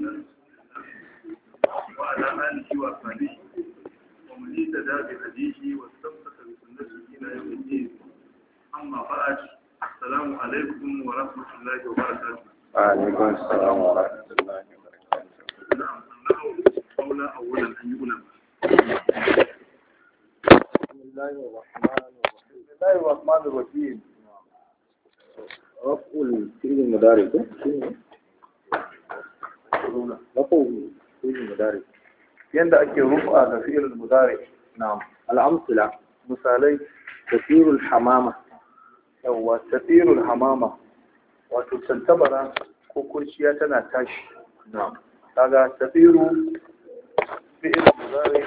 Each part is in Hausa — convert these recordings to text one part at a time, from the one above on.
وعلى آله وأصحابه ومن اهتدى بهديه واستمسك بسنته إلى يوم الدين أما بعد السلام عليكم ورحمة الله وبركاته وعليكم السلام ورحمة الله وبركاته نعم قولا أولا أن يؤلم بسم الله الرحمن الرحيم بسم الله الرحمن الرحيم رفع الفعل المضارع zauna rafu fi'il mudari yanda ake rufa ga fi'il mudari na al'amsila misalai tafirul hamama yawa tafirul hamama wato tantabara ko kurciya tana tashi na kaga tafiru fi'il mudari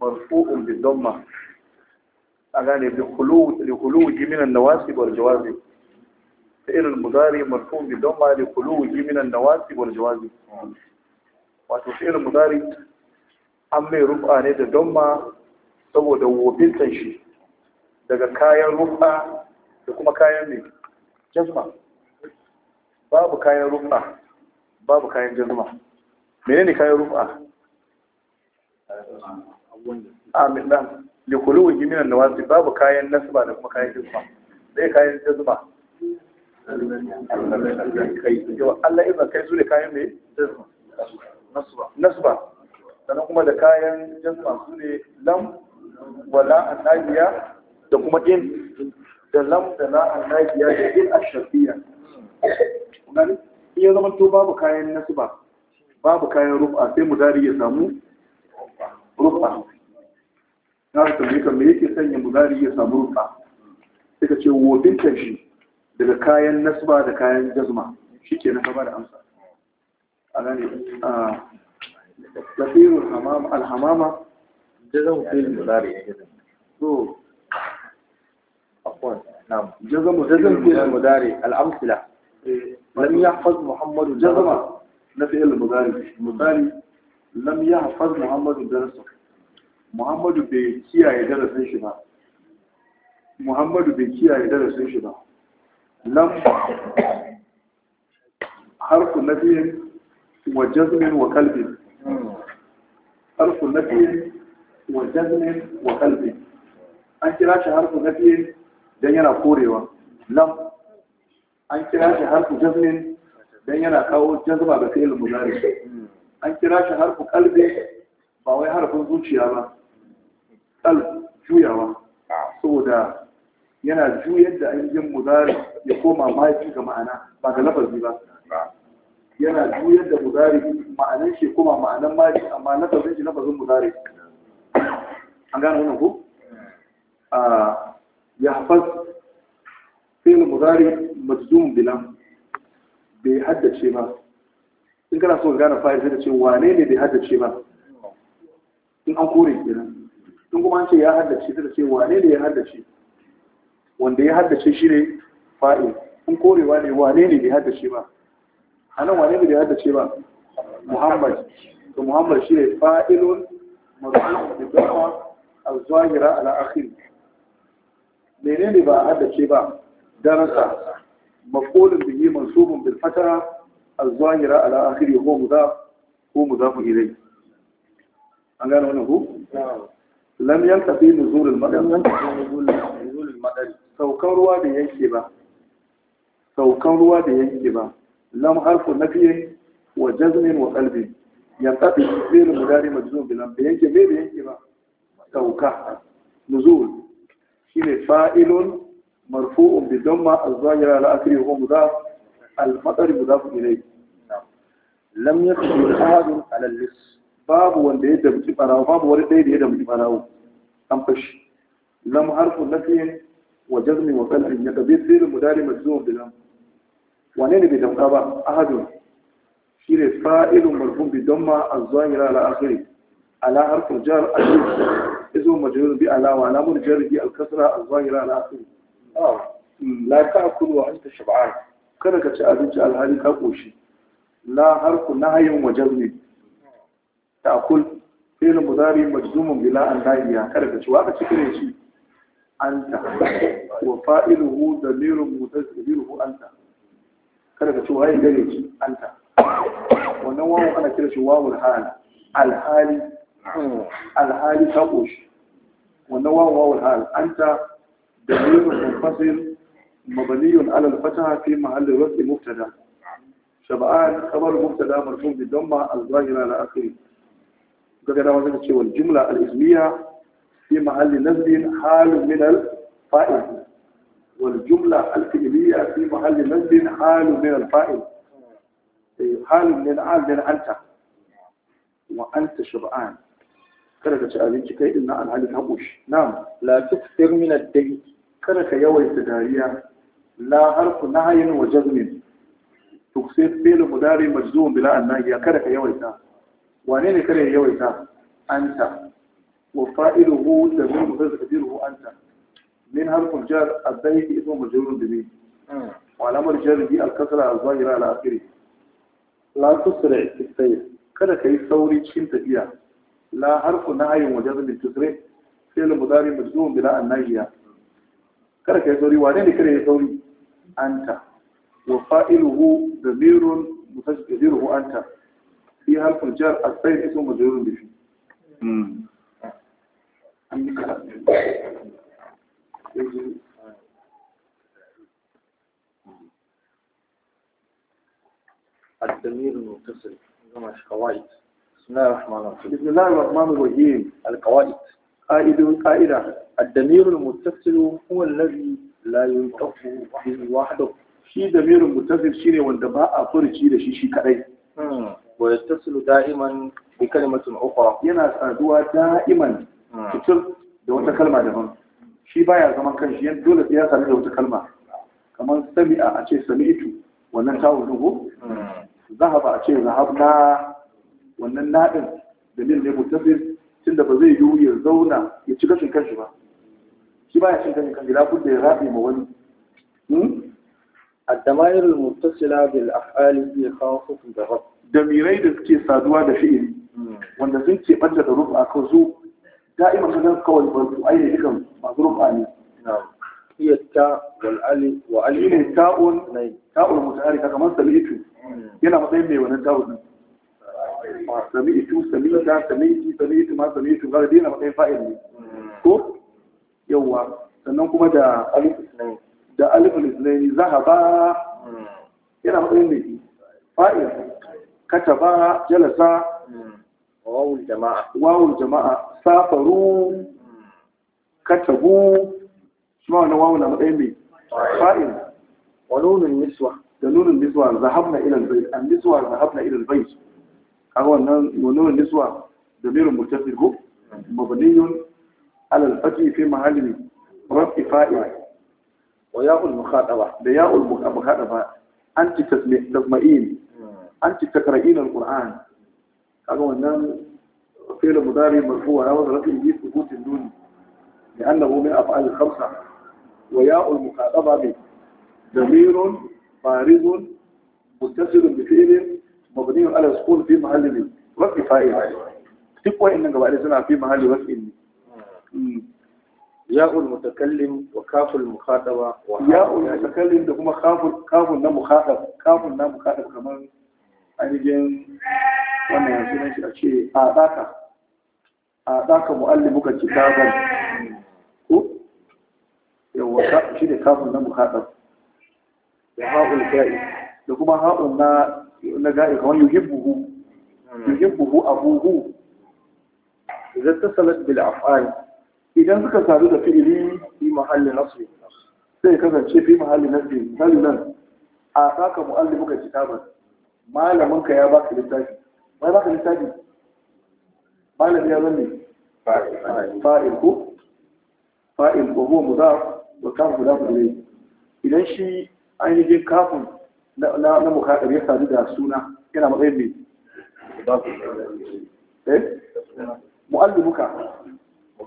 marfu'un bidamma a gane bi khulu li khulu min an-nawasib wal jawazib فعل المضارع مرفوع بالضمة لخلوه من النواسب والجوازب وفعل المضارع أمي رفع نيد الضمة سوى دوبين تنشي daga kayan rufa da kuma kayan ne jazma babu kayan rufa babu kayan jazma menene kayan rufa amin nan likulu wa jiminan da babu kayan nasba da kuma kayan jazma sai kayan jazma Allah izar kai su da kayan ne? Nasba. Sannan kuma da kayan jinsu su ne lam wa la'an nahiya da kuma in da lam da la'an nahiya da in a shafiya. Kunani? Iya zama to babu kayan nasba, babu kayan rufa sai mu dari ya samu rufa. Na su tambaye kan me yake sanya mu dari ya samu rufa. Sai ce wo dinkan shi daga kayan nasba da kayan jazma shi ke na gaba da amsa a gane a tafiyar alhamama jazan fil mudari so afwan na'am jazan jazan fil mudari al-amsila lam yahfaz muhammad jazma na fil mudari mudari lam yahfaz muhammad darasa muhammadu bai kiyaye darasin shi ba muhammadu bai kiyaye darasin shi ba lamba harfu nafiyin wa jazmin wa kalbin harfu nafiyin wa jazmin wa kalbin an kira shi harfu nafiyin don yana korewa lam an kira shi harfu jazmin don yana kawo jazma ga fi'il mudari an kira shi harfu kalbi ba wai harfin zuciya ba kalb juyawa saboda yana juyar da ainihin mudari ya koma mafi ga ma'ana ba ga lafazi ba yana juyar da mudari ma'anan shi koma ma'anan mafi amma lafazin shi lafazin mudari an gane wannan ko ya sai fi'il mudari majzum bilan bai haddace ba in kana so ka gane fa'il sai ka ce wane ne bai haddace ba in an kore kenan in kuma an ce ya haddace sai ka ce wane ne ya haddace wanda ya haddace shi ne fa'i, in korewa ne wane ne bai haddace ba a nan wane ne bai haddace ba muhammad to muhammad shi ne fa'ilun marufin da dama a zahira al'akhir mene ne ba a haddace ba darasa mafulun bihi mansubun bil fatara a zahira al'akhir ko mudaf ko mudaf ilai an gano wani ku lam yankafi nuzulul madar yankafi saukan ruwa da yanke ba saukan ruwa da yanke ba lam harfu nafiyin wa jazmin wa qalbi yanqati fil mudari majzum bi lam yanke bai da yanke ba sauka nuzul ne fa'ilun marfu'un bi damma az-zahira ala akhirih wa mudaf al-matar mudaf ilayh lam yakun ahadun ala al-lis babu wanda ya damci ɓarawo. babu wani ɗaya da ya damci ɓarawo. an fashi lam harfu nafiyin وجزم وقلع يقبل فعل مداري مجزوم بالام ونين بدمقابة أحد شير فائل مرفوم بضمة الظاهرة على آخره على حرف الجار أجل اسم مجرور بألا وعلام الجر بالكسرة الظاهرة على آخره لا تأكل وأنت شبعان كنك ka ci هذه alhali لا حرف نهي وجزمي تأكل wa مداري مجزوم بلا mudari majzumun bila an nahiya anta wa fa'iluhu damirun mutasiruhu anta kada ka ce waye gare ki anta wannan wawu ana kira shi wawul hal alhali alhali ta koshi wannan wawu wawul hal anta damirun munfasil مبني على الفتحة في محل رفع مبتدا شبعان خبر مبتدا مرفوع بالضمة الظاهرة على آخره كذا وزن الشيء في محل نزل حال من الفائز والجملة الفئلية في محل نزل حال من الفائز إيه، حال من العال من أنت وأنت شبعان كرك تأذين كي إلنا أن علي هبوش نعم لا تكثر من الدين كرك يوي تدارية لا أرق نعي وجزم تكثر فيل مداري مجزوم بلا أن نعي كرك يوي تا وانين كرك يوي تا أنت وفائله ضمير مفرد تقديره أنت من حرف الجر الضيف اسم مجرور بمين وعلامة الجر دي الكسرة الظاهرة على آخره لا تسرع السير kada ka yi sauri cikin tafiya la harfu nahyin wa jazmin tusri sai al mudari majzum bila an kada ka yi sauri wane ne kada ya sauri anta wa fa'iluhu damirun mutajdiruhu anta fi jar الدمير المتصل القواعد بسم الله الرحمن الرحيم بسم الله الرحمن الرحيم القواعد قائد قائدة الدمير المتصل هو الذي لا ينطق به وحده شي دمير متصل shine wanda ba a furci da shi shi ويتصل دائما بكلمة أخرى ينا kalimatin fitir da wata kalma daban shi baya zaman kanshi yadda dole sai ya sami da wata kalma kamar sami'a a ce sami'tu wannan tawo dubu zahaba a ce zahabna wannan nadin dalil ne mutabir tunda ba zai yiwu ya zauna ya ci gashin kanshi ba shi baya cin gashin kanshi da kudda ya rabe ma wani الدمائر المتصلة بالأفعال هي خاصة بالرب دميري da suke saduwa da fi'ili hmm. wanda sun ce banta da a kan zo دائما كذا كوي أي ذكر مظروف عليه نعم هي التاء والالف والالف هي تاء تاء المتحركه كما سمعت yana matsayin mai wannan tawul din sami'tu sami'ta sami'ti sami'tu ma sami'tu ga dai yana matsayin fa'il ne ko yawa sannan kuma da alif isnayn da alif isnayn zahaba yana matsayin mai fa'il kataba jalasa wawul jama'a wawul jama'a safaru katabu shi ma wannan wawu na matsayin mai fa'il wa nunun niswa da nunun niswa zahabna ila albayt an niswa zahabna ila albayt kaga wannan nunun niswa da mirin mutasil ko mabniyun ala alfati fi mahalli rafi fa'il wa ya'ul mukhadaba da ya'ul mukhadaba anti tasmi'in hmm. anti takra'in alquran kaga wannan فعل مضارع مرفوع على وزن رفعه سكوت النون لأنه من أفعال الخمسة وياء المخاطبة به ضمير بارز متصل بفعل مبني على السكون في محل رفع فاعل تقوى إن قبائل سنة في محل رفع ياء المتكلم وكاف المخاطبة ياء المتكلم ده هما كاف كاف نا مخاطب كاف نا مخاطب كمان ainihin wannan yanzu na shi a ce a ɗaka a ɗaka mu'allimuka kitaban ko yawa shi ne kafin na muhaɗar da haɗin ga'i da kuma haɗin na ga'i kamar yuhibbuhu yuhibbuhu abuhu idan ta salat bil af'al idan suka sadu da fi'ili fi mahalli nasri sai kasance fi mahalli nasri misali nan a ɗaka muka ci malamin malaminka ya baka littafi wai baka littafi malami ya zama fa'il ko fa'il ko huwa mudaf wa kafin mudaf ilayhi idan shi ainihin kafin na mukaddar ya sadu da suna yana matsayin mai eh mu'allimuka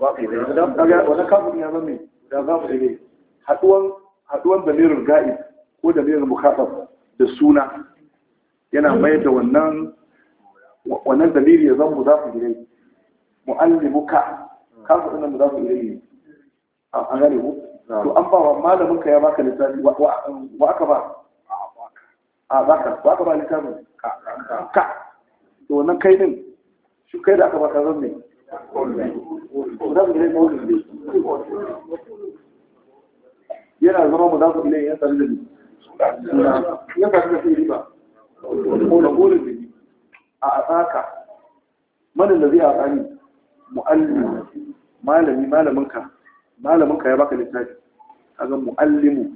wani kafin ya zama da za mu ilayhi haduwan haduwan damirin ga'ib ko damirin mukaddar da suna yana mayar da wannan wannan dalili ya za mudaf ilayhi mu'allimuka ka faɗi nan za ku ilimi an gane mu to an ba wa malamin ka ya baka littafi wa aka ba a baka wa aka ba littafin ka to wannan kai din shi kai da aka baka zan ne zan ne ne yana zama mu za su ilimi ya tsari da ni ya tsari da fi ba ko da kolin ne a tsaka manin da zai a tsari mu'allim malami malaminka malaminka ya baka littafi kaga mu'allimu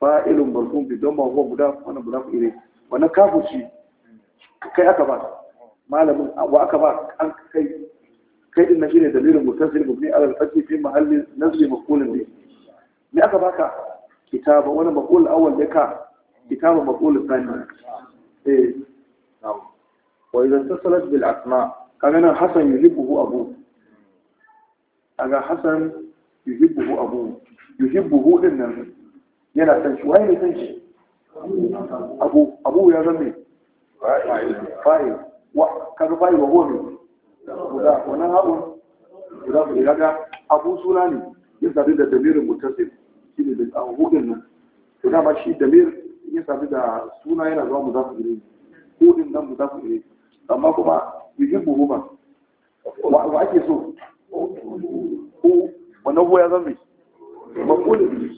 fa'ilun barkun bi don ba huwa guda wannan guda ku ire wannan kafuci kai aka ba malamin wa aka ba an kai kai din shine dalilin mutasil mubni ala al-fathi fi mahalli nazli maqulin bi ne aka baka kitaba wani maqul awwal da ka kitaba maqul thani eh na'am wa idan tasalat bil asma' kaga nan yi yuhibbuhu abu kaga hasan yuhibbuhu abu yuhibbuhu din nan yana san shi waye ne san shi abu abu ya zama fa'i wa kaga fa'il wa ne guda wannan abun guda ku kaga abu suna ne ya sabi da damirin mutasif shi ne da abu din nan to dama shi damir ya sabi da suna yana zama za ku ko din nan mu za ku ilai amma kuma ba, wa ke so ko wannan ko ya zama maqulun biyu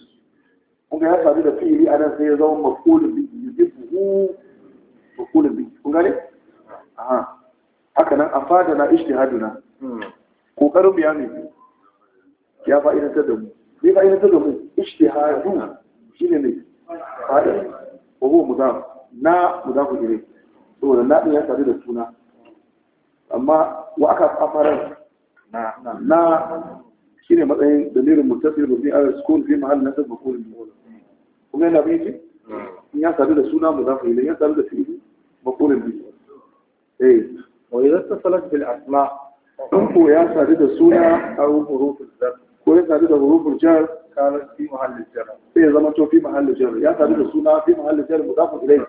kun ga ya sami da fiye a nan sai ya zama maqulun bihi buhu, maqulun biyu. kun gane aha haka nan a fada na ishe haduna kokarin hmm. mu ya ne ya fa'idantar da mu zai fa'idantar da mu ishe ijtihadu shine ne fa'ida wa mu mudaf na ku gire saboda na ɗin ya sami da suna amma wa aka kafarar na shi ne matsayin dalilin mutasir rubin a sukun fi mahal na sabba kulin kuma yana bin in hmm. ya sadu da suna mu zafi ne ya sadu da fi'ili makulin bi eh wa idan ta salat bil asma ko ya sadu da suna a rufin zar ko ya sadu da hurufin jar kana fi mahallin jar sai ya zama to fi mahallin jar ya sadu da suna fi mahallin jar mu zafi ilayhi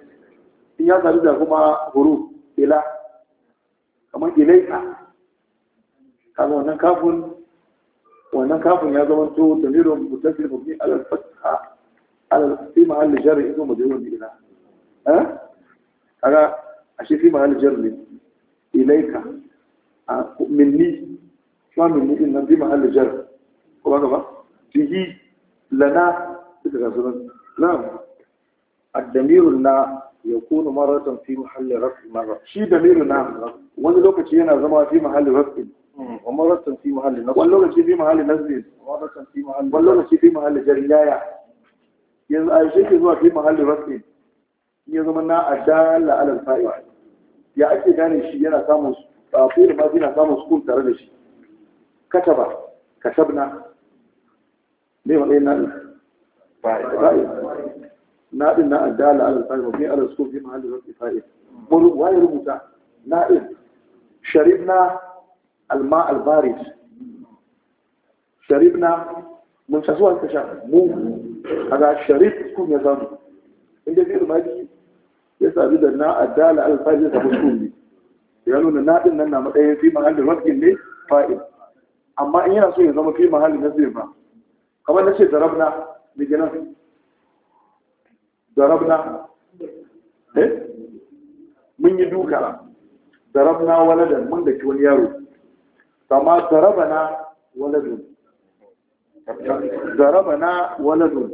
in ya sadu da kuma huruf ila kamar ilaika kaga wannan kafin wannan kafin ya zama to dalilun mutasil mabni alal fatha alal fi mahall jar ido majrur bi ila eh kaga shi fi mahall jar ne ilaika A minni kuma minni din nan fi mahall jar ko ba ba bihi lana daga sunan na'am الدمير na. يكون مرة في محل رفع مرة شي دمير نعم وانا لوكا شي انا زما في محل رفع ومرة في محل نصب وانا شي في محل نزل مرة في محل شي في محل جريايا yanzu a ke zuwa fi mahallin rafi ya zama na adala alal fa'i ya ake gane shi yana samun ba fi'il ma yana samun sukun tare da shi kataba katabna me na din na addala ala tsari mafi ala su kofi ma halin rafi fa'i waye rubuta na din sharibna alma albaris sharibna mun tasu wa kasha mu kaga sharib ku ya zamu inda zai ma ji ya sabu da na addala ala tsari da ku su ne ya nuna na na madayin fi ma halin rafi ne amma in yana so ya zama fi ma halin nasiba kamar nace zarabna mijinan ضربنا eh? mun yi duka darabna waladan mun daki wani yaro kama darabana waladun darabana waladun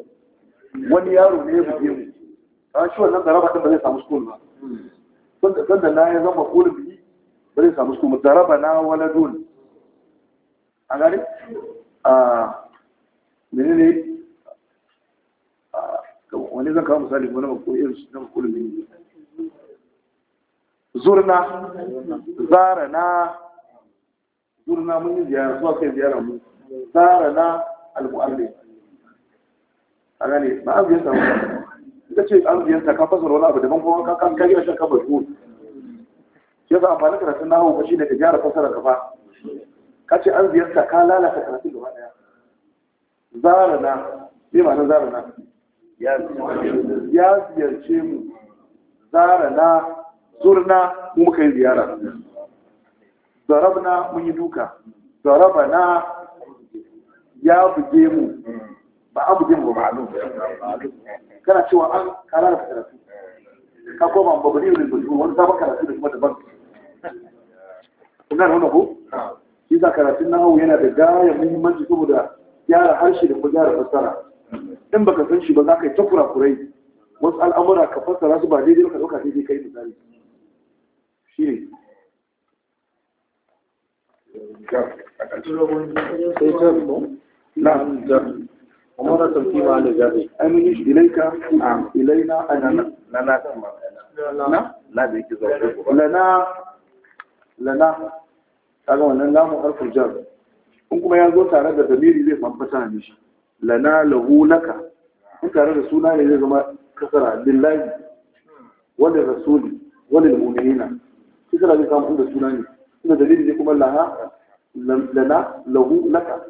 wani yaro ne ya mu shi wannan daraba din ba zai samu sukun ba sun da na ya zama kulun ba zai samu sukun a gari a menene wani zan kawo misali wani makoyin su nan kulmi zurna zara na zurna mun yi ziyara su aka yi ziyara mu zara na al-mu'allif a gane ba a ziyarta ba ita ce an ziyarta ka fasar wani abu daban kuma ka kan kage shan kabar ko ya za amfani karatun nahu ba shine ka gyara fasara ka fa ka ce an ziyarta ka lalata karatun gaba daya zara na me ma'anar zara na ya ziyarce mu zarana zurna mu kai ziyara zarabna mun yi duka zarabana ya buge mu ba a buge mu ba ma'alum kana cewa an kara da karatu ka koma ba bari ne bugu wani sabon karatu da kuma daban kuna nuna ko shi za karatun hau yana da gaya muhimmanci saboda gyara harshe da kuma gyara fassara in baka san shi ba za ka yi ta kurakurai wasu al'amura ka fassara su ba daidai ka ɗauka daidai kai misali shi ne in kuma ya zo tare da zamiri zai tabbata ne shi lana lahu laka in tare da suna ne zai zama kasara lillahi wani rasuli wani mu'minina shi kana zai samu da suna ne inda dalili ne kuma laha lana lahu laka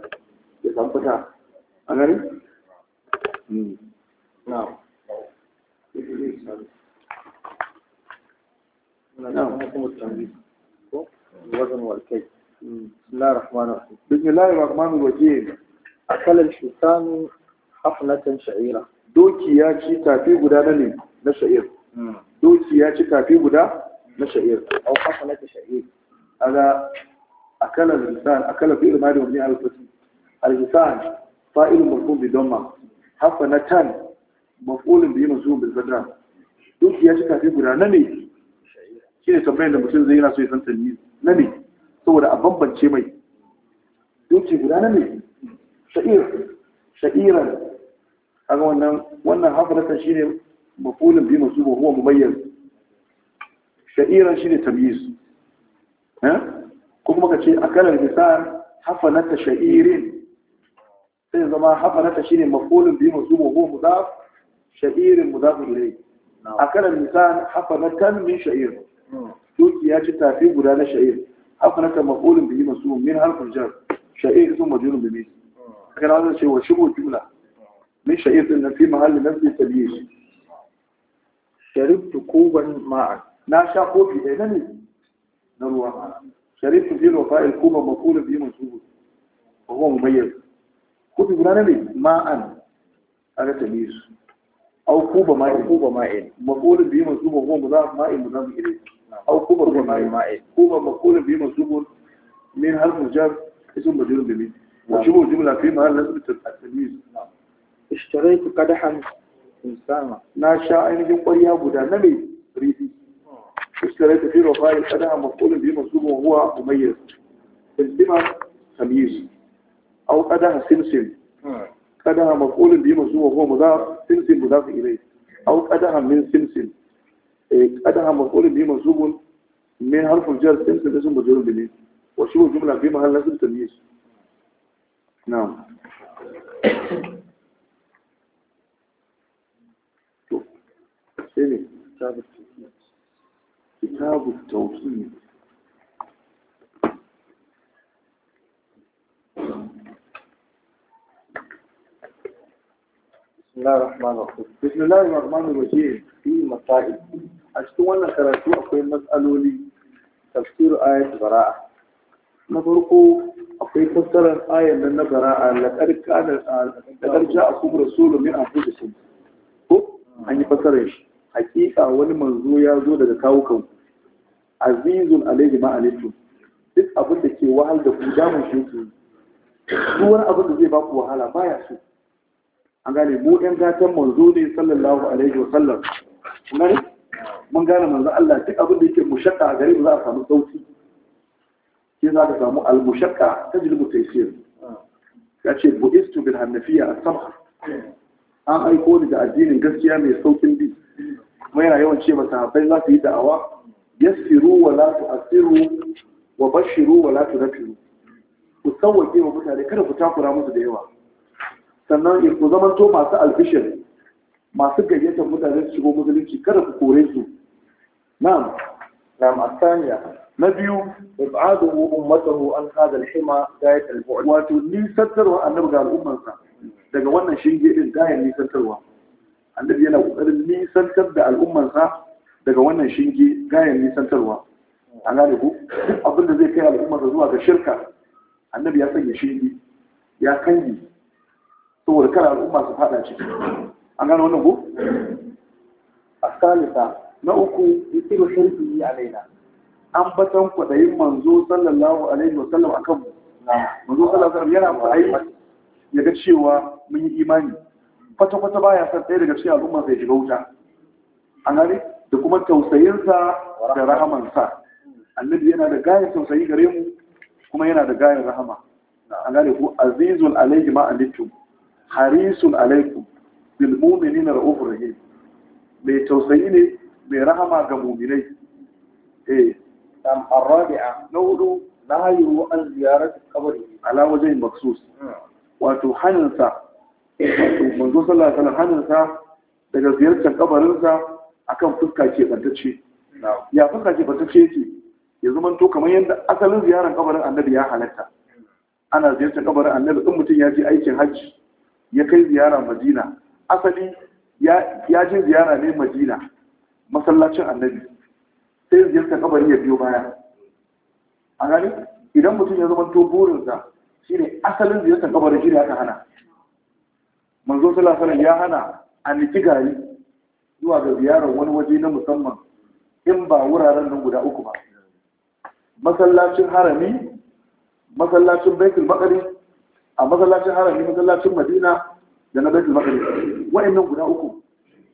ya san fata a gani hmm. na'am na'am na'am na'am na'am na'am na'am na'am na'am na'am na'am الرحيم أكل الحسان حفنة شعيرة دوكي يا شي تافي غدا نلي نشعير دوكي يا شي تافي غدا نشعير أو حفنة شعير هذا أكل الإنسان أكل في da ومن على الفتن الإنسان فائل مرفوع بضمة حفنة مفعول به منصوب بالفترة دوكي يا ya ci غدا نلي na ne tambayar da mutum zai yana so ya san sanyi na ne saboda a bambance mai doki guda na ne sha'ir sha'iran kaga wannan wannan shi ne mafulun bi masu huwa mumayyiz sha'iran shine tamyiz eh ko kuma a akala lisan hafanata sha'irin sai zama shi ne mafulun bi masu mu mudaf sha'irin mudaf a akala lisan hafanatan min sha'ir tuki ya ci tafi guda na sha'ir hafanata mafulun bi masu min harfin jar sha'ir sun majrurun bi لكن هذا الشيء هو شبه الجملة من شيء إن في محل نفسي سبيل شربت كوبا معا لا شاقو في إعلاني إيه نروى شربت في الوفاء الكوبا مقولة به منصوب وهو مميز كنت قلنا لي معا هذا تمييز أو كوبا ماء كوبا ماء مقولة به منصوب وهو مضاف ماء مضاف إليه أو كوبا ماء ماء كوبا مقولة به منصوب من حرف الجر اسم مجرور بمثل وجوه جملة في محل لازم التمييز نعم. اشتريت قدحا إنسانا ما شاء أن يقول يا بدا نبي ريدي اشتريت في رفاع قدحا مفعول به منصوب وهو مميز الزمة تمييز أو قدحا سمسم قدحا مفعول به منصوب وهو مضاف سمسم مضاف إليه أو قدحا من سمسم إيه، قدحا مفعول به منصوب من حرف الجر سمسم اسم مجرور به وشبه جملة في محل لازم تمييز na'am to sai ne kitabu tauhid kitabu tauhid بسم الله الرحمن الرحيم بسم الله الرحمن الرحيم في مسائل أشتو أنا قرأتوا أقول مسألولي تفسير آية براءة na farko akwai fassarar ayan nan na bara'a laƙar ja a kuma solo mai an da shi. ko an yi fassarar shi hakika wani manzo ya zo daga kawukan azizun alaihi ma alaitu duk abin da ke wahal da ku damun shi yake duk wani abin da zai ba ku wahala baya so an gane mu ɗan gatan manzo ne sallallahu alaihi wa sallam mun gane manzo Allah duk abin da yake mushakka a gare mu za a samu sauki sai za ka samu al ta tajlibu taysir ya ce bu'istu bin hannafiya a sabr an aiko ni da addinin gaskiya mai saukin bi kuma yana yawan ce masa habai za su yi da'awa yassiru wa la Asiru wa bashiru wa la tunfiru ku sauwake wa mutane kada ku takura musu da yawa sannan ku zamanto to masu albishir masu gayyatar mutane su shigo musulunci kada ku kore su na'am na'am asaniya na biyu ib'aduhu ummatahu an hada al-hima gayat al-bu'd wato nisantarwa annabi ga al'ummarsa daga wannan shinge din gayar nisantarwa annabi yana kokarin nisantar da al'ummarsa daga wannan shinge gayar nisantarwa an gane ku abin da zai kai al'ummarsa zuwa ga shirka annabi ya sanya shinge ya kangi saboda kar al'umma su fada ciki an gane wannan ku a salisa na uku yusiru shirki alaina ambatan yin manzo sallallahu alaihi wa sallam akan mu manzo sallallahu alaihi yana kwaɗayi ya ga cewa mun yi imani kwata kwata baya san ɗaya daga cikin al'umma sai shiga wuta an gane da kuma tausayinsa da rahaman sa. annabi yana da gayar tausayi gare mu kuma yana da gayar rahama an gane ku azizul alaihi ma alaikum harisun alaikum bil mu'minina ra'ufur rahim mai tausayi ne mai rahama ga mu'minai eh نعم الرابعة نقول لا يروى عن زيارة القبر على وجه مخصوص وتحنسى منذ صلى الله عليه وسلم حنسى daga ziyartar kabarinsa akan fuska ke bantacce ya fuska ke bantacce yake ya zama to kamar yadda asalin ziyarar kabarin annabi ya halatta hmm. ana ziyartar kabarin annabi in mutum ya je aikin hajji ya kai ziyara madina asali ya je ziyara ne madina masallacin annabi sai ziyartar kabari ya biyo baya a gani idan mutum ya zama to shi ne asalin ziyartar kabarin shi ne aka hana manzo sallallahu alaihi ya hana a niki gari zuwa ga ziyarar wani waje na musamman in ba wuraren nan guda uku ba masallacin harami masallacin baitul maqdis a masallacin harami masallacin madina da na baitul maqdis wa'annan guda uku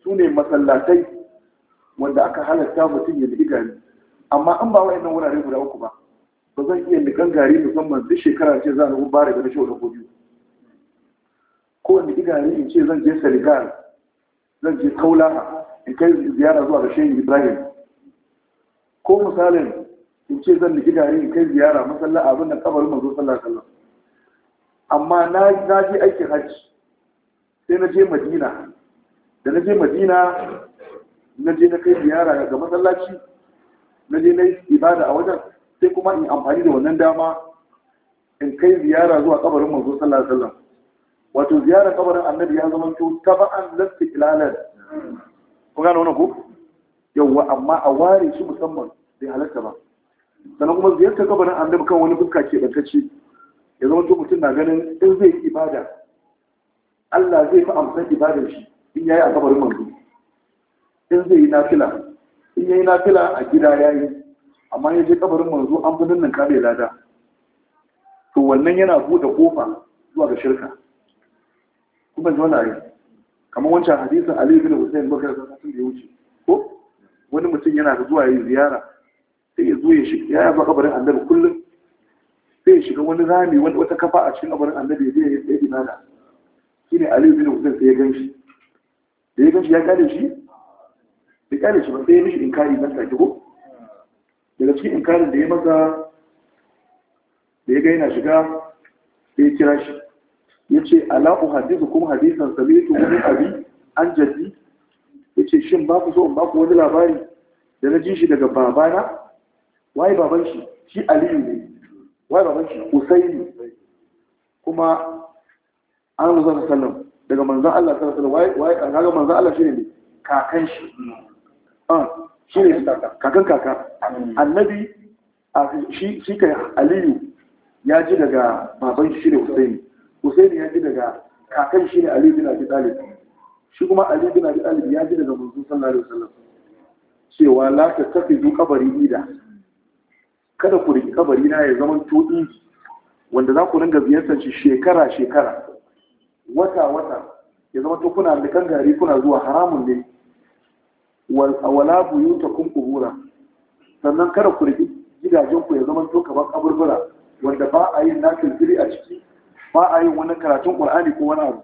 su ne masallatai wanda aka halatta mutum ya nufi gari amma an ba nan wurare guda uku ba ba zan iya nikan gari musamman duk shekara ce za a nufi bare da rashin wani gobe ko in gari in ce zan je senegal zan je kaula in kai ziyara zuwa da shehu ibrahim ko misalin in ce zan nufi gari in kai ziyara masalla abin da kabarin zo sallah alaihi amma na na je aikin hajji sai na je madina da na je madina na je na kai ziyara ga masallaci na je na yi ibada a wajen sai kuma in amfani da wannan dama in kai ziyara zuwa kabarin manzo sallallahu alaihi wasallam wato ziyara kabarin annabi ya zama to taba'an lafi ilalar ko gano wannan ko yawa amma a ware shi musamman bai halatta ba sannan kuma ziyarta kabarin annabi kan wani fuska ke bantacce ya zama to mutum na ganin in zai ibada Allah zai fi amsar ibadar shi in yayi a kabarin manzo in zai yi nafila in yi nafila a gida ya yi, amma ya je kabarin manzo an fi nan kare lada to wannan yana bude kofa zuwa ga shirka kuma ji wani kamar wancan hadisin Ali bin Hussein Bakar da sun da ya wuce ko wani mutum yana zuwa yin ziyara sai ya zo ya shi ya yi kabarin annabi kullum sai ya shiga wani rami wani wata kafa a cikin kabarin annabi ya je ya yi ibada shine Ali bin Hussein sai ya ganshi da ya shi ya gane shi da kyale shi ba sai ya mishi inkari nan take ko daga cikin inkarin da ya maza da ya ga yana shiga sai ya kira shi ya ce ala uhadisu kuma hadisan samitu wani abi an jaddi ya ce shin ba ku so in ba ku wani labari da na ji shi daga babana waye baban shi shi aliyu ne waye baban shi usaini kuma an zo sallam daga manzan Allah sallallahu alaihi wasallam waye kaga manzan Allah shine ne kakan shi Ah, shi ne kakan kaka hmm. annabi ah, shi kai aliyu ya ji daga baban shi ne husaini husaini ya ji daga kakan shi ne aliyu bin abi shi kuma aliyu bin abi ya ji daga manzon sallallahu alaihi cewa la ta tafi du kabari ida kada ku riki kabari na ya zama tudi wanda za ku ringa ziyartar shi shekara shekara wata wata ya zama to kuna likan gari kuna zuwa haramun ne wala kun qubura sannan kada ku rigi gidajen ku ya zama to kamar kaburbura wanda ba a yin nakin jiri a ciki ba a yin wani karatun qur'ani ko wani abu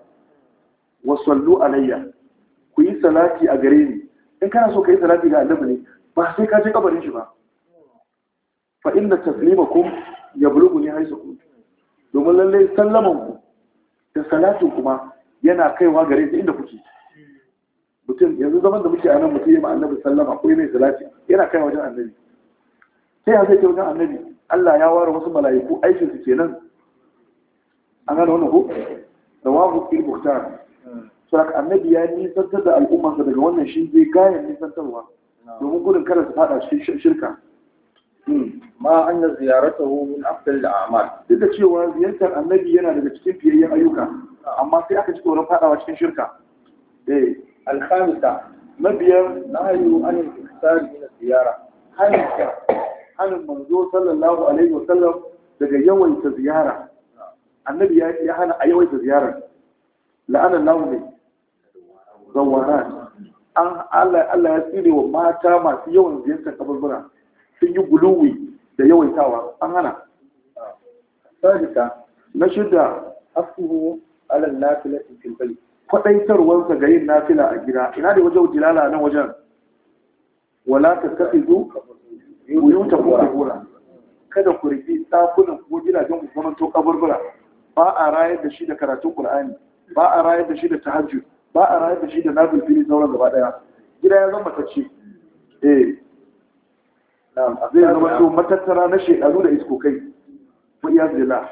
wa sallu alayya ku yi salati a gare ni in kana so ka yi salati ga annabi ne ba sai ka je kabarin shi ba fa inna taslimakum ni haythu ku. domin lalle sallamanku da salatin kuma yana kaiwa gare ni inda kuke mutum yanzu zaman da muke a nan mutum ya ma annabi sallama ko mai salati yana kai wajen annabi sai ya zai wajen annabi Allah ya ware wasu mala'iku aikin su kenan an gane wannan ko wahu fil muhtar so haka annabi ya nisantar da al'ummarsa daga wannan shi zai gayan nisantarwa domin gudun kada su fada shirka hmm. ma an na ziyaratahu min afdal al'amal duk da cewa ziyartar annabi yana daga cikin fiyayyen ayyuka amma sai aka ci tsoron fadawa cikin shirka eh الخامسة مبيا نهي عن الإحسان من الزيارة هنسى عن المنظور صلى الله عليه وسلم daga yawaita ziyara annabi ya hana a yawaita ziyara la'anar nahu ne zawara an Allah ya tsire mata masu yawan ziyartar kaburbura sun yi guluwi da yawaitawa Na hana sadika na shida asuhu alal kwaɗaitarwarsa ga yin nafila a gida ina da wajen jilala nan wajen wala ta tafi zo wuta ko kabura kada ku rigi ɗakunan ko gidajen ku kuma to kaburbura ba a rayar da shi da karatun qur'ani ba a rayar da shi da tahajjud ba a rayar da shi da nafil fili sauran gaba daya gida ya zama tace eh na'am zai zama to matattara na shekaru da iskokai fa iyaz billah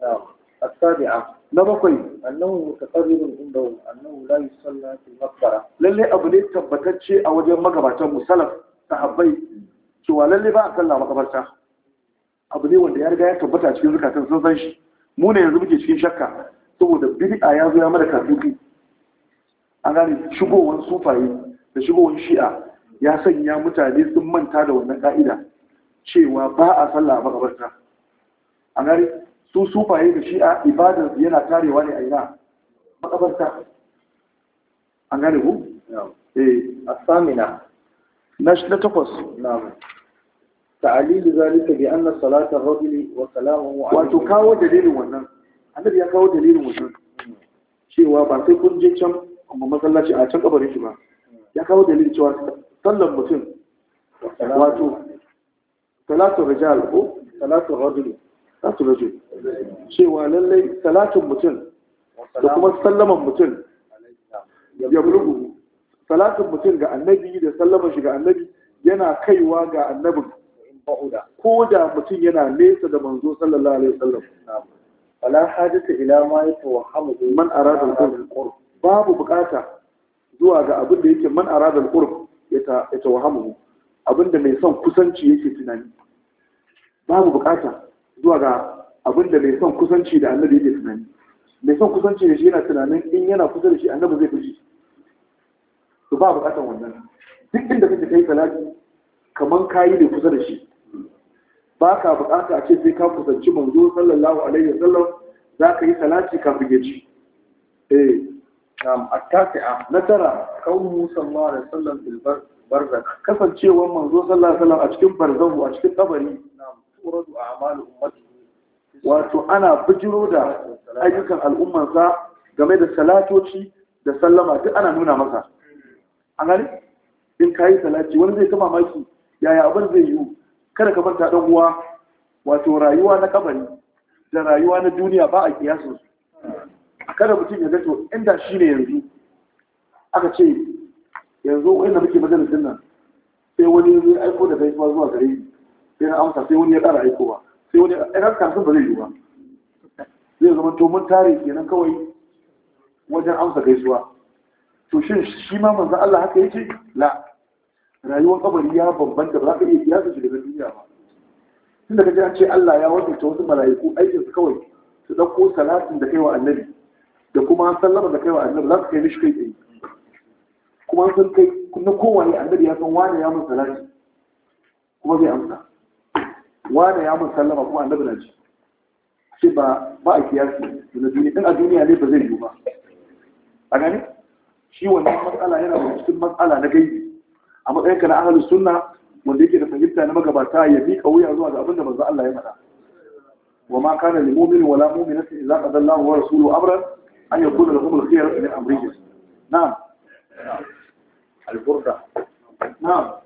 na'am as na bakwai annahu mutaqarribun indahum annahu la yusalla fil maqbara lalle abu ne tabbatacce a wajen magabatan musalaf sahabbai cewa lalle ba a sallah makabarta abu ne wanda ya riga ya tabbata cikin zukatan sun san shi mu ne yanzu muke cikin shakka saboda bid'a ya zo ya mana kafifi an gane shigowar sufaye da shigowar shi'a ya sanya mutane sun manta da wannan ka'ida cewa ba a sallah a makabarta an gane su sufaye da shi a ibadar yana tarewa ne a ina makabarta an gane ku? eh samina na takwas na'am ta'alilu zalika bi anna salatar rajuli wa wa wato kawo dalilin wannan annabi ya kawo dalilin wannan cewa ba sai kun je can kuma masallaci a can kabarin shi ba ya kawo dalilin cewa sallan mutum wato salatu rijal ko salatu rajuli salatu cewa lallai salatin mutum da kuma sallaman mutum ya bulugu salatin mutum ga annabi da sallaman shi ga annabi yana kaiwa ga annabin ko da mutum yana nesa da manzo sallallahu alaihi wasallam wala hajata ila ma yatawahhamu man arada al-qurb babu bukata zuwa ga abin da yake man arada al-qurb yatawahhamu abin da mai son kusanci yake tunani babu bukata zuwa ga abin da mai son kusanci da annabi yake tunani mai son kusanci da shi yana tunanin in yana kusa da shi annabi zai fushi to ba bukatar wannan duk inda kake kai salati kaman kayi ne kusa da shi ba ka bukata a ce sai ka kusanci manzo sallallahu alaihi wasallam za ka yi salati ka ya ci eh nam attasi'a na tara kaunu sallallahu alaihi wasallam bil barzakh kasancewar manzo sallallahu alaihi wasallam a cikin barzahu a cikin kabari na'am tuqradu a'malu ummati wato ana bijiro da ayyukan al'ummarsa game da salatoci da sallama duk ana nuna masa an gani in kayi salati wani zai kama maki yaya abin zai yiwu kada ka manta dan uwa wato rayuwa na kabari da rayuwa na duniya ba a kiyasu kada mutum ya gato to inda ne yanzu aka ce yanzu wanda muke majalisin nan sai wani ya aiko da gaisuwa zuwa gare ni sai na amsa sai wani ya ƙara aikowa sai wani ya ƙara karfin ba zai yi ba zai zama to mun tare kenan kawai wajen amsa gaisuwa to shin shi ma manzan Allah haka yake la rayuwar kabari ya bambanta ba za ka iya kiyasa shi daga duniya ba tun daga an ce Allah ya wadanta wasu mala'iku aikin su kawai su dauko salatin da kai wa annabi da kuma sallama da kai wa annabi za su kai mishi kai tsaye kuma sun kai na kowane annabi ya san wani ya mun salati kuma zai amsa wane ya mun sallama kuma annabi na ji shi ba ba a kiyasi na duniya din a duniya ne ba zai yi ba a gani shi wannan matsala yana da cikin matsala na gaibi a matsayin ka na ahlus sunna wanda yake da fahimta na magabata ya bi kauya zuwa ga abinda manzo Allah ya faɗa wa ma kana lil mu'min wa la mu'minati illa qad Allah wa rasuluhu amran an yakuna lahum al khiyar min amrihim na'am al-burda na'am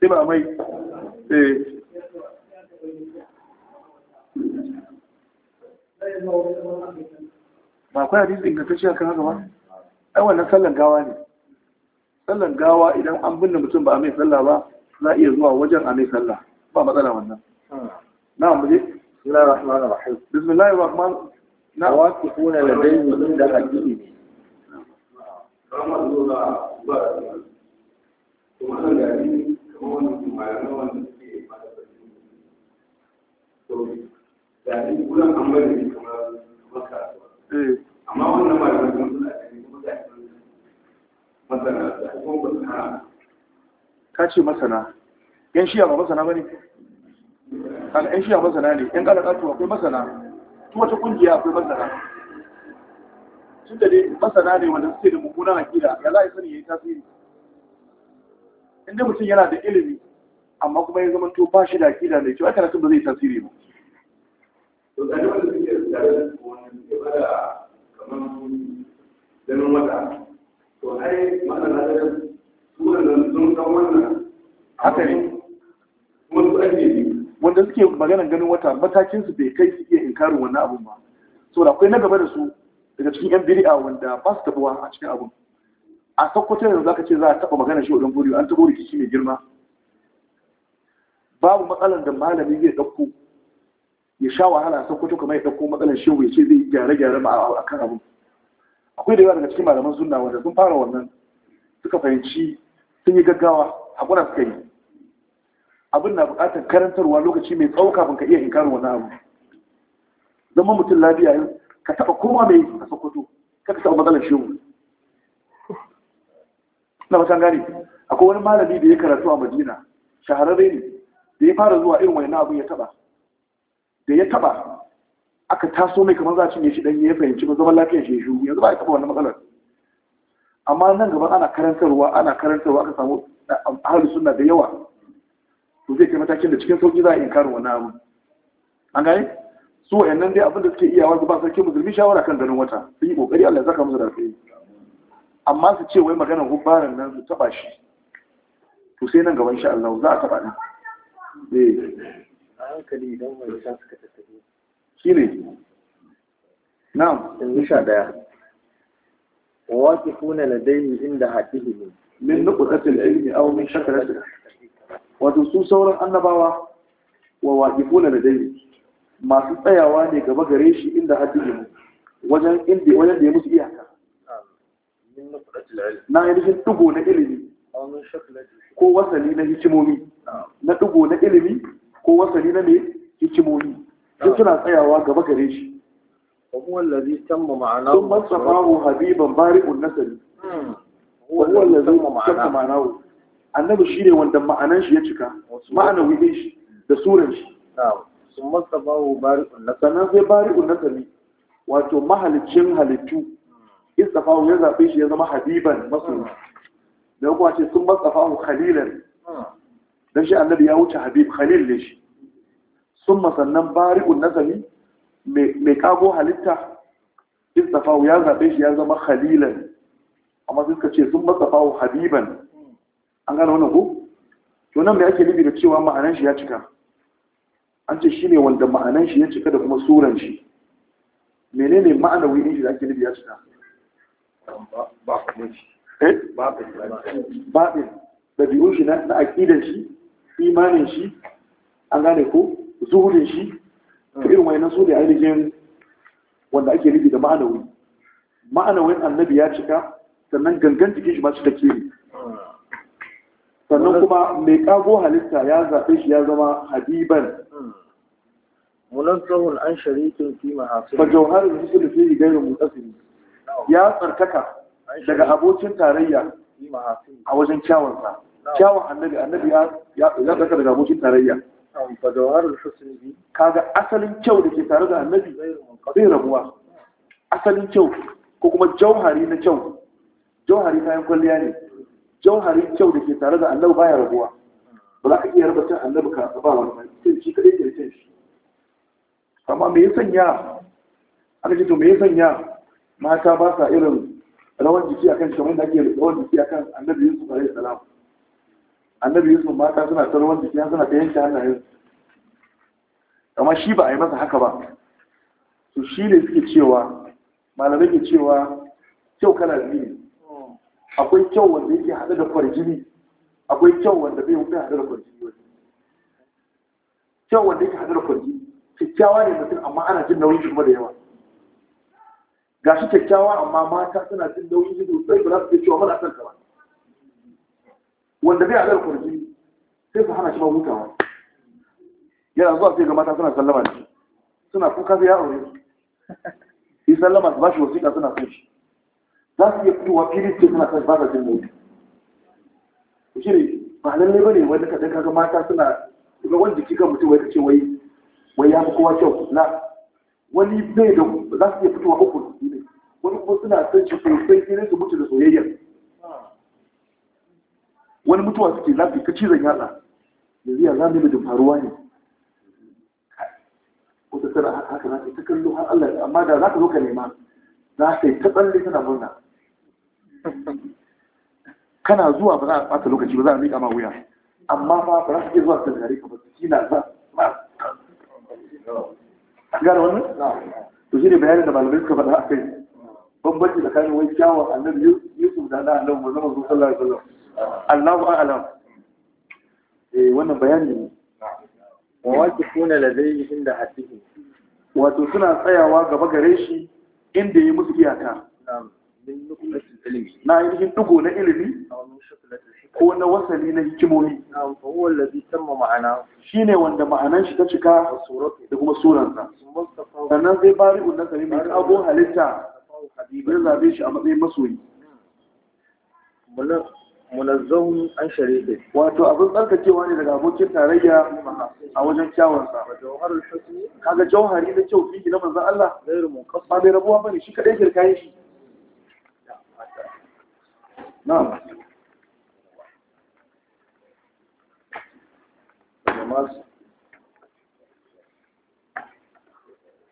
sai ba mai ba kwa hadisi ingantacce a kan haka ba ai wannan sallan gawa ne sallan gawa idan an binne mutum ba a mai sallah ba za a iya zuwa wajen a mai sallah ba matsala wannan na mu je bismillahir rahmanir rahim bismillahir rahman da waqifuna ladayhi da hadisi ne kuma ne eh. masana yan shiya ba masana ba ne yan shiya masana ne yan kala kasuwa akwai masana ta wata kungiya akwai masana tun da dai masana ne wanda suke da mummunan akida ya za a yi sani ya yi tasiri inda mutum yana da ilimi amma kuma ya zama to ba shi da akida mai cewa aka ba zai tasiri ba wanda suke maganar ganin wata matakin su bai kai suke iya inkarin wannan abun ba da akwai na gaba da su daga cikin yan biri'a wanda ba su tabuwa a cikin abu. a sakkwato yanzu zaka ce za a taɓa magana shi wadan buriyo an taɓa rikici mai girma babu matsalar da malami zai ɗauko ya sha wahala a sakkwato kamar ya ɗauko matsalar shi ya ce zai gyare-gyare ma a kan abu akwai da yawa daga cikin malaman sunna wanda sun fara wannan suka fahimci sun yi gaggawa haƙura suka yi abin na buƙatar karantarwa lokaci mai tsawo kafin ka iya inkarin wani abu zama mutum lafiya ka taɓa koma mai a sokoto ka ka taɓa matsalar shehu na matan gane akwai wani malami da ya karatu a madina shahararre ne da ya fara zuwa irin wani abu ya taba da ya taba aka taso mai kamar za a cinye shi dan ya fahimci ba zaman lafiyar shi shi yanzu ba a taba wannan matsalar amma nan gaba ana karantarwa ana karantarwa aka samu ahlus sunna da yawa to zai kai matakin da cikin sauki za a inkarin wannan abu an gane su wayannan dai abin da suke iyawa ba sarki musulmi shawara kan ganin wata sun yi kokari Allah ya saka musu da alheri amma su ce wai maganar hubbaran nan su taba shi to sai nan gaban insha Allah za a taba nan eh hankali idan mai san suka tattabi shine na'am in sha daya waqifuna ladayhi inda haqqihi min nuqtatil ilmi aw min shakratihi wato su sauran annabawa wa waqifuna ladayhi masu tsayawa ne gaba gare shi inda haqqihi wajen inda wajen da ya musu iyaka na yanzu ɗigo na ilimi ko wasali na hikimomi na ɗigo na ilimi ko wasali na mai hikimomi sun suna tsayawa gaba gare shi Sun الذي تم معناه ثم اصطفاه حبيبا بارئ النسل وهو الذي annabi shi ne wanda ma'anan shi ya cika ma'anar wuɗin shi da suran shi sun masa bawo bari'un na sannan sai bari'un na wato mahalicin halittu istafahu ya zaɓe shi ya zama habiban masoyi ah. da kuma ce sun matsafahu khalilan ah. dan shi annabi ya wuce habib khalil ne shi sun masannan bari'un nazali mai kago halitta istafahu ya zaɓe shi ya zama khalilan amma sun suka ce sun matsafahu habiban an gane wani ku? to nan me ake nufi da cewa ma'anan shi ya cika an ce shi ne wanda ma'anan shi ya cika da kuma suran shi menene ma'anawi in shi da ake nufi ya cika Eh? baɗin ɗabi'un shi na aƙidan shi imanin shi an gane ko zuhudin shi ta irin wayannan su da ainihin wanda ake nufi da ma'anawi ma'anawin annabi ya cika sannan gangan jikin shi ma cika ke sannan kuma mai ƙago halitta ya zaɓe shi ya zama habiban munazzahun an sharikin fi mahasin fa jawharul da fi ghayri mutasili ya tsarkaka daga abokin tarayya a wajen kyawunsa kyawun annabi annabi ya tsarkaka daga abokin tarayya kaga asalin kyau da ke tare da annabi zai rabuwa asalin kyau ko kuma jauhari na kyau jauhari kayan kwalliya ne jauhari kyau da ke tare da annabi baya rabuwa ba za ka iya raba cin annabi ka ba wani sai shi kadai ke cin shi amma me ya sanya aka ce to me ya sanya mata ba sa irin rawar jiki akan kamar da ake rawar jiki akan annabi yusuf yi salam annabi yusuf mata suna ta rawar jiki suna ta yanke hannayen amma shi ba a yi masa haka ba su shi ne suke cewa malamai ke cewa kyau kana biyu akwai kyau wanda yake haɗe da kwarjini akwai kyau wanda bai wuce haɗe da kwarjini wani kyau wanda yake haɗe da kwarjini kyakkyawa ne mutum amma ana jin nauyin shi da yawa ga shi kyakkyawa amma mata suna jin nauyin ji sosai ba za su cewa mana san ba wanda bai alar kurji sai su hana shi ma hutawa yana zuwa sai ga mata suna sallama da shi suna kuka zai yaro ne yi sallama su ba shi wasiƙa suna son shi za su iya fitowa fili ce suna son ba sa jin nauyi shi ne ba lallai ba ne wanda kaɗan kaga mata suna ga wani jiki kan mutum wai ka ce wai ya fi kowa kyau na wani bai da za su iya fitowa uku su ne wani kuma suna son shi sosai sai su mutu da soyayya wani mutuwa suke za su yi kaci zan yatsa yanzu ya zame da faruwa ne wata tara haka za ta kallo har Allah amma da za ka zo ka nema za ka yi ta tsalle tana murna kana zuwa ba za a ɓata lokaci ba za a miƙa ma wuya amma ba ba za su iya zuwa ta gare ka ba su kila za gane wannan to shi ne bayanin da malamai suka faɗa a kai bambanci kanin wai kyawun annabi yusuf da na annabi mu zama zuwa da alaihi wasallam Allahu a'lam eh wannan bayani ne wa waqifuna ladayhi inda haddihi wato suna tsayawa gaba gare shi inda yi musu iyaka ilimi na ainihin dugo na ilimi ko na wasali na hikimomi Shi ne wanda ma'anan shi ta cika da kuma suransa sannan zai sai unna sami mai kago halitta ya zabe shi a matsayin masoyi an shari'a wato abin tsarkakewa ne daga abokin tarayya a wajen kyawunsa kaga jauhari na kyau fiki na manzan Allah ba mai rabuwa bane shi kadai kirkayen shi نعم بسم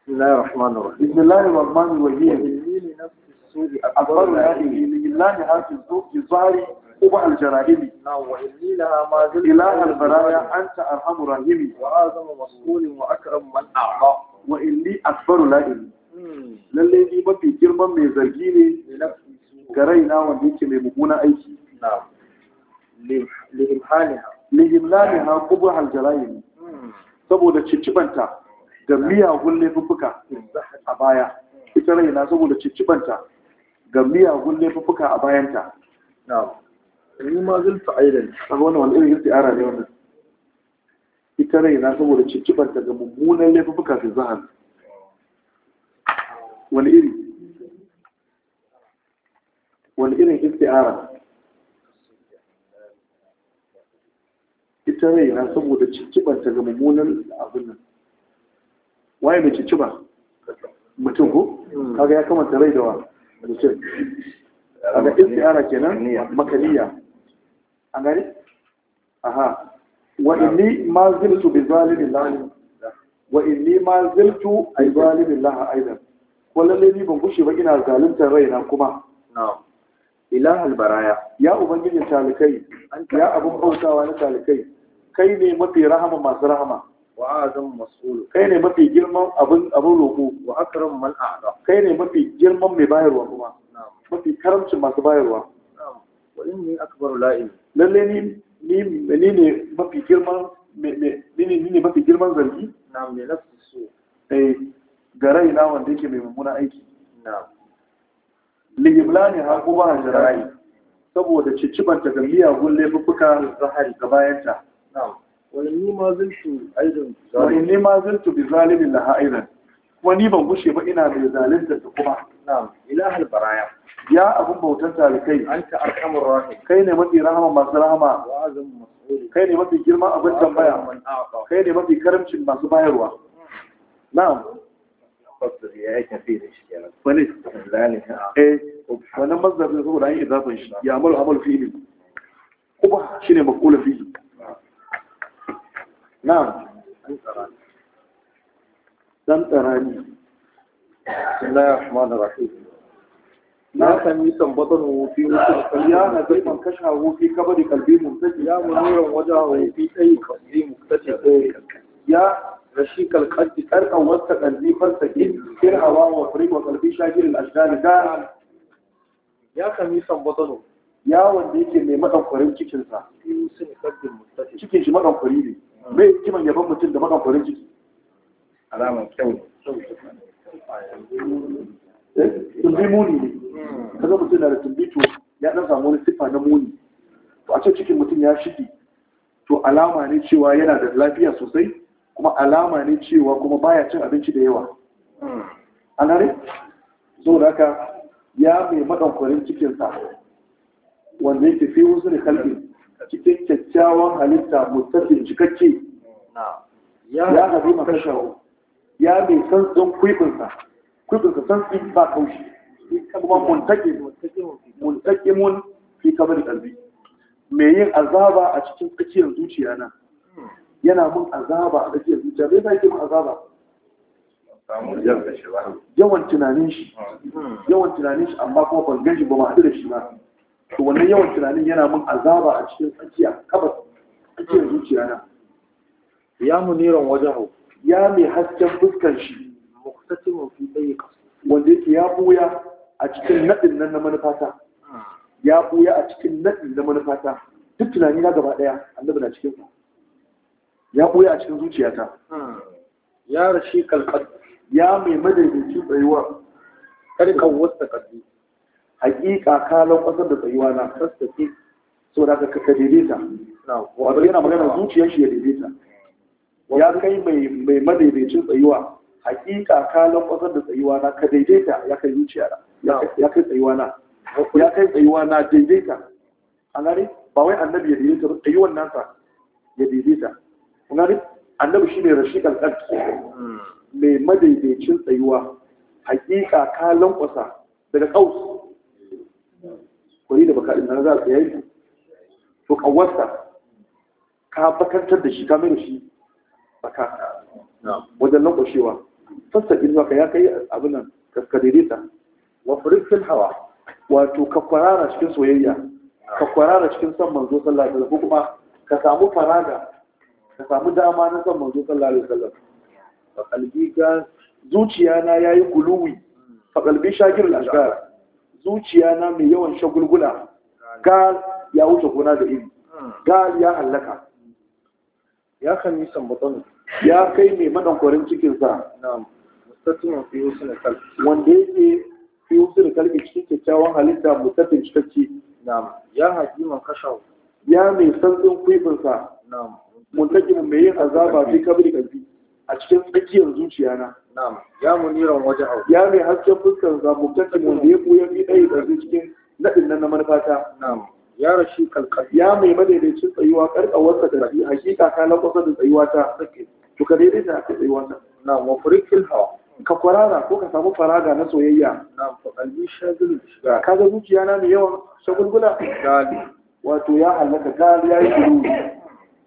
الله الرحمن الرحيم بسم الله الرحمن الرحيم بالليل نفس السوء أكبر هذه يعني. يعني. لله هذا الذوق ظهري قبح الجرائم نعم وإني ما زلت إله البرايا أنت أرحم راهمي وأعظم مسؤول وأكرم من أعطى وإني أكبر لائم للذي ما في كلمة من لنفس ga raina wanda yake mai mummunan aiki na lihimlaniha ha kubu ne. saboda cicibanta ga miyagun laifuka a baya hmm. ita raina saboda cicibanta ga miyagun laifuka a bayanta na ni ma zulfa aidan ne. A wani irin ara ne wani. ita raina saboda cicibanta ga mummunan laifuka fi zahar wani iri wani irin isti'ara ita rai na saboda cikibanta ga mummunan abin nan waye mai ba, mutum ko kaga ya kamata rai da wa mutum kaga isti'ara kenan makaniya A gani aha wa inni ma ziltu bi zalimin lalim wa ma ziltu ay zalimin laha aidan ko lalle ni ban gushe ba ina zaluntar na kuma ilahal baraya ya ubangijin talikai ya abun bautawa na talikai kai ne mafi rahama masu rahama wa azam mas'ul kai ne mafi girman abun abun roƙo wa akram man a'da kai ne mafi girman mai bayarwa kuma mafi karamcin masu bayarwa wa inni akbaru la'im lalle ni ni ni ne mafi girman ni ne mafi girman zargi na ne nafsi su eh garai na wanda yake mai mummuna aiki na'am lihimlani ha kuma a jira'i saboda ta gambiya miyagun laifuka zahari ga bayanta wani ma zuntu aidan wani ma zuntu bi zalimin laha aidan kuma ni ban gushe ba ina mai zalunta ta kuma ilahar baraya ya abun bautar talikai ta arkamun rahim kai ne mafi rahama masu rahama kai ne mafi girma abin tambaya kai ne mafi karamcin masu bayarwa na'am مصدر يا هيك فيه الاشكال ولستهلالها ايه وانا مصدر يقول اي اضافه يعمل عمل فيه قبح شنو مفعول فيه نعم لم تراني بسم الله الرحمن الرحيم لا نعم. تميت بطنه في وسط يا نزيف كشعه في كبد قلبي مرتجي يا منورا وجهه في اي قصدي مكتشف يا رشيق القلب ترقى وسط قلبي فلسكين سير هواه وفريق وقلبي شاجر الأشجار دار يا خميسا بطنه يا وانديك اللي مدن قريب تشكين سا يوسن cikin المستقيم تشكين شي مدن قريبي mai kiman yaban mutum da makan farin ciki alama kyau tumbi muni ne kaga mutum na da tumbi to ya dan samu wani sifa na muni to a ce cikin mutum ya shige to alama ne cewa yana da lafiya sosai kuma alama ne cewa kuma baya cin abinci da yawa an gane so da haka ya mai madankwarin cikinsa wanda yake fi wasu da kalbi cikin kyakkyawan halitta mutafin cikakke ya haɗu makashawo ya mai santsin kwikinsa kwikinsa santsin ba kaushi kuma muntakimun fi kamar kalbi mai yin azaba a cikin tsakiyar zuciya na yana mun azaba a tsakiyar zuciya bai zai ke mun azaba yawan tunanin shi hmm. yawan tunanin shi amma kuma ban gaji ba ma da shi ba to wannan yawan tunanin yana mun azaba a cikin tsakiya kabas tsakiyar hmm. zuciya na ya muniran wajen ya mai hasken fuskar shi wanda yake ya buya a cikin hmm. nadin nan na manufata ya buya a cikin nadin na manufata duk tunani na gaba daya annabi na cikin sa ya ɓoye a cikin zuciyata ya rashi kalkar ya mai madaidaicin tsayuwa ka wasta kaddi hakika kalan kwasar da tsayuwa na sassake so da ka ka daidaita wato yana magana zuciyar shi ya daidaita ya kai mai madaidaicin tsayuwa hakika kalan kwasar da tsayuwa na ka daidaita ya kai zuciya ya kai tsayuwa na ya kai tsayuwa na daidaita a gare ba wai annabi ya daidaita tsayuwan nasa ya daidaita kuma ne annabi shine rashidan qalbi mai madaidaicin tsayuwa hakika ka lankwasa daga kaus. kuri da baka inda za ka yi to kawarsa ka bakantar da shi ka mai da shi baka wajen lankwashewa fassakin zuwa ka ya kai abin nan ka ta. wa furikin hawa wato ka kwarara cikin soyayya ka kwarara cikin son manzo sallallahu alaihi wasallam kuma ka samu faraga ka samu dama na kan manzo sallallahu alaihi wasallam fa qalbi ga zuciya na yayi kuluwi fa qalbi al ashgar zuciya na mai yawan shagulgula ga ya wuce gona da iri ga ya halaka ya kan yi sambaton ya kai mai madankorin cikin sa na'am mustatun fi husnul qalbi wanda yake fi husnul qalbi cikin kyakkyawan halitta mustatun cikakke na'am ya man kashaw ya mai santsin kuibinsa na'am muntakimin mai yin azaba fi kabri kalbi a cikin tsakiyar zuciya na na'am ya muniran waja'u ya mai hasken fuskar sa muntakimin da ya koya fi dai da cikin nadin nan na manufata na'am ya rashi kalkal ya mai madaidaicin tsayuwa karka wasa da shi hakika ka kusa da tsayuwa ta to ka dai-dai ta tsayuwa ta na'am wa furikil hawa ka kwarara ko ka samu faraga na soyayya na'am fa kalbi shagulu shiga ga zuciya na mai yawan shagulgula gali wato ya halaka gali yayi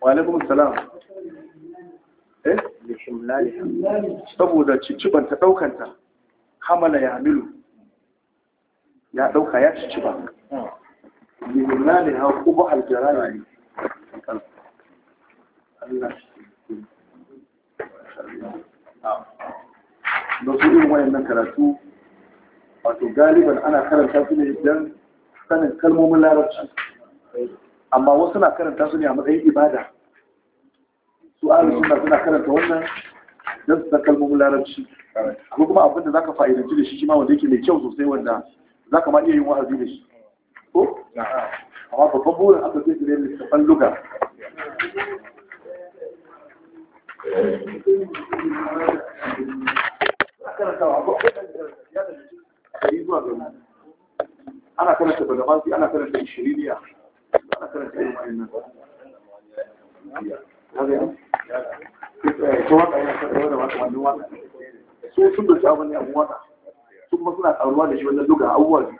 walaikun salam eh saboda ta ɗaukanta, hamala ya milu ya ɗauka ya ciciba limlali ha kubu aljarari Allah da su irin wayannan karatu wato galiban ana karanta su ne don sanin kalmomin larabci amma wasu na karanta su ne a matsayin ibada su ahli suna karanta wannan don su san kalmomin larabci akwai kuma abin da za ka fa'idanci da shi shi ma wanda yake mai kyau sosai wanda za ka ma iya yin wa'azi da shi ko amma babban burin aka zai zire littafan luga ana karanta bada ana karanta ishiriniya wa'annan su sun da shawar ne abin waka su kuma suna karuwa da shi wannan duka abubuwa ne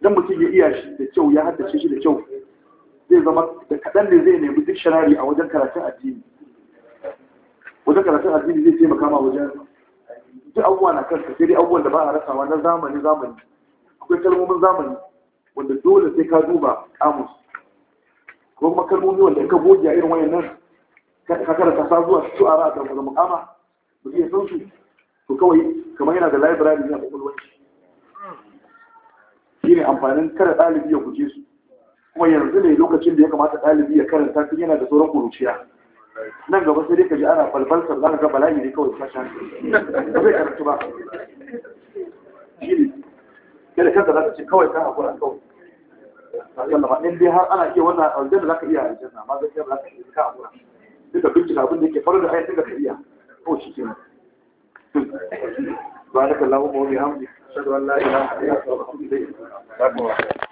dan mutum ya iya shi da kyau ya haddace shi da kyau zai zama da kaɗan ne zai nemi dictionary a wajen karatun addini wajen karatun addini zai taimaka ma wajen duk abubuwa na kansa sai dai abubuwan da ba a rasawa na zamani zamani akwai kalmomin zamani wanda dole sai ka duba kamus kalmomi wanda ka goge a irin wayannan ka karanta sa zuwa shu'ara da mu muqama mu iya san su to kawai kamar yana da library ne a kokolwan shi shine amfanin kada ɗalibi ya guje su kuma yanzu ne lokacin da ya kamata ɗalibi ya karanta tun yana da sauran kuruciya nan gaba sai dai ka ji ana falfalsar za ka ga bala'i ne kawai ta shan ba zai karatu ba shi ne kada kanka za ka ce kawai ka haƙura kawai sallama in dai har ana iya wannan aljanna zaka iya aljanna amma gaskiya ba zaka iya ka abuwa duka bincika abin da yake faru da ayat da ka iya ko shi kenan بارك الله وبحمده na ان لا اله الا انت استغفرك واتوب اليك